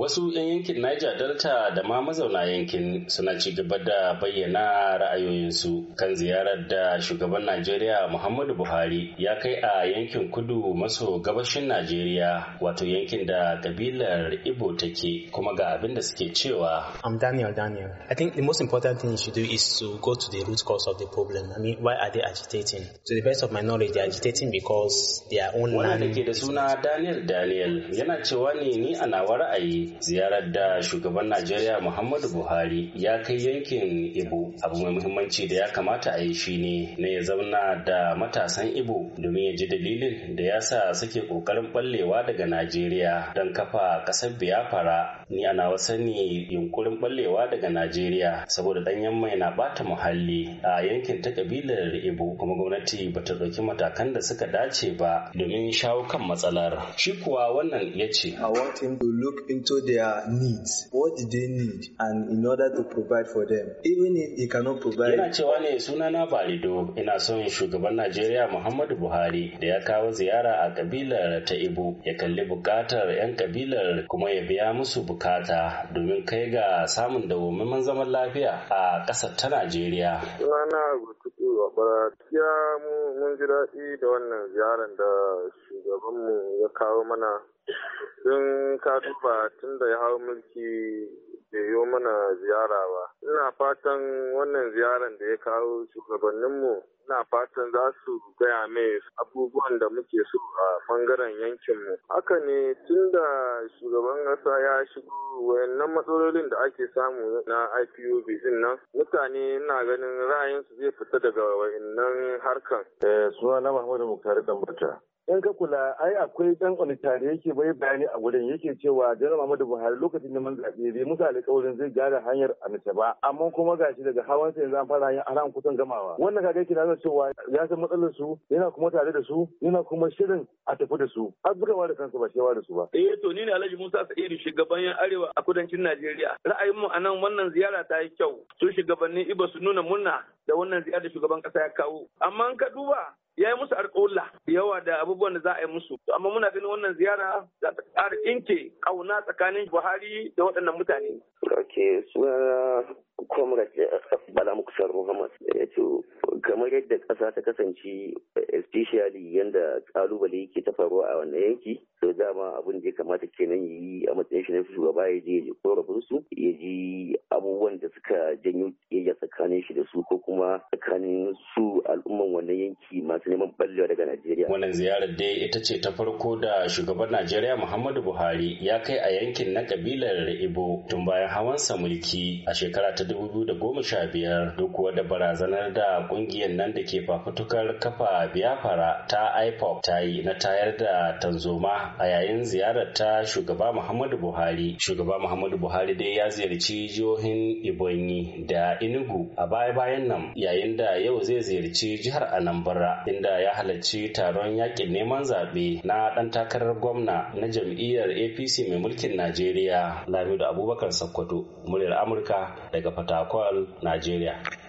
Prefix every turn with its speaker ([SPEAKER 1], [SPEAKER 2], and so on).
[SPEAKER 1] Wasu 'yan yankin Niger Delta da ma mazauna yankin suna ci gaba da bayyana ra'ayoyinsu kan ziyarar da shugaban Najeriya Muhammadu Buhari ya kai a yankin kudu maso gabashin Najeriya wato yankin da kabilar Igbo take kuma ga abin da suke cewa. I'm Daniel Daniel. I think the most important thing you should do is to go to the root cause of the problem. I mean, why are they agitating? To the best of my knowledge, they are agitating because their own land. da ke da suna Daniel Daniel yana cewa ne ni a nawa ra'ayi ziyarar da shugaban najeriya muhammadu buhari ya kai yankin ibo abu mai muhimmanci da ya kamata a yi shine na ya zauna da matasan ibo domin ya ji dalilin da ya sa suke ƙoƙarin ballewa daga najeriya don kafa kasar biyafara ni ana ne yunkurin ballewa daga najeriya saboda ɗanyen mai na ɓata muhalli a yankin ta kabilar ibo kuma gwamnati ba ta ɗauki matakan da suka dace ba domin shawo kan matsalar shi kuwa wannan yace? ce i want him to look into their needs, what they need, and in order to provide for them, even if he cannot provide. Yana cewa ne sunana Balido, ina son shugaban Najeriya Muhammadu Buhari da ya kawo ziyara a kabilar ta Ibo ya kalli bukatar 'yan kabilar kuma ya biya musu bukata domin kai ga samun dawwammamin zaman lafiya a ƙasar ta Najeriya.
[SPEAKER 2] Sunana Gutuku Babara, ya mun ji daɗi da wannan ziyarar da shugabanmu ya kawo mana in ka duba tun da ya hau mulki bai yi mana ziyara ba Ina fatan wannan ziyarar da ya kawo shugabanninmu ina fatan za su gaya mai abubuwan da muke so a bangaren yankinmu. Haka ne tun da shugaban ƙasa ya shigo wayannan matsalolin da ake samu na IPOB din nan mutane na ganin ra'ayinsu zai fita daga wayannan harkan. Eh, Suna na Muhammadu Muktari in ka kula ai akwai dan onitari yake bai bayani a gurin yake cewa janar Muhammadu Buhari lokacin neman zaɓe bai musu alƙawarin zai gyara hanyar Amice ba A'a, amma kuma gashi daga hawan sai zan fara yin aran kusan gamawa wannan kaga yake nuna cewa ya san matsalar su yana kuma tare da su yana kuma shirin a tafi da su har bugawa da kansu ba shewa da su ba
[SPEAKER 1] eh to ni ne Alhaji Musa Sa'idu shugaban yan arewa a kudancin Najeriya ra'ayin mu anan wannan ziyara ta yi kyau su shugabannin Ibo su nuna murna da wannan ziyara da shugaban kasa ya kawo
[SPEAKER 2] amma in ka duba ya yi musu alƙawla yawa da abubuwan da za a yi musu amma muna ganin wannan ziyara za ta ƙara inke ƙauna tsakanin Buhari da waɗannan mutane ke suna comrade eh, bala muksar
[SPEAKER 1] muhammad ya eh, ce kamar yadda ƙasa ta kasance especially yadda ƙalubale yake ta faruwa a wannan yanki to dama abin da ya kamata kenan yi a matsayin shi na shugaba ya je ya korafin su ya ji abubuwan da suka janyo kiyayya tsakanin shi da su ko kuma tsakanin su al'umman wannan yanki masu neman ballewa daga Najeriya. Wannan ziyarar dai ita ce ta farko da shugaban Najeriya Muhammadu Buhari ya kai a yankin na kabilar Ibo tun bayan hawansa mulki a shekara ta da goma sha biyar, duk kuwa da barazanar da kungiyar nan da ke fafutukar kafa Biyafara ta IPOP ta yi na tayar da tanzoma a yayin ziyarar ta shugaba Muhammadu Buhari. Shugaba Muhammadu Buhari dai ya ziyarci jihohin ibo Birni da Enugu a baya-bayan nan yayin da yau zai ziyarci jihar Anambra inda ya halarci taron yakin neman zaɓe na ɗan takarar gwamna na jam'iyyar APC mai mulkin Najeriya Lamido Abubakar Sokoto muryar Amurka daga Fatakwal, Najeriya.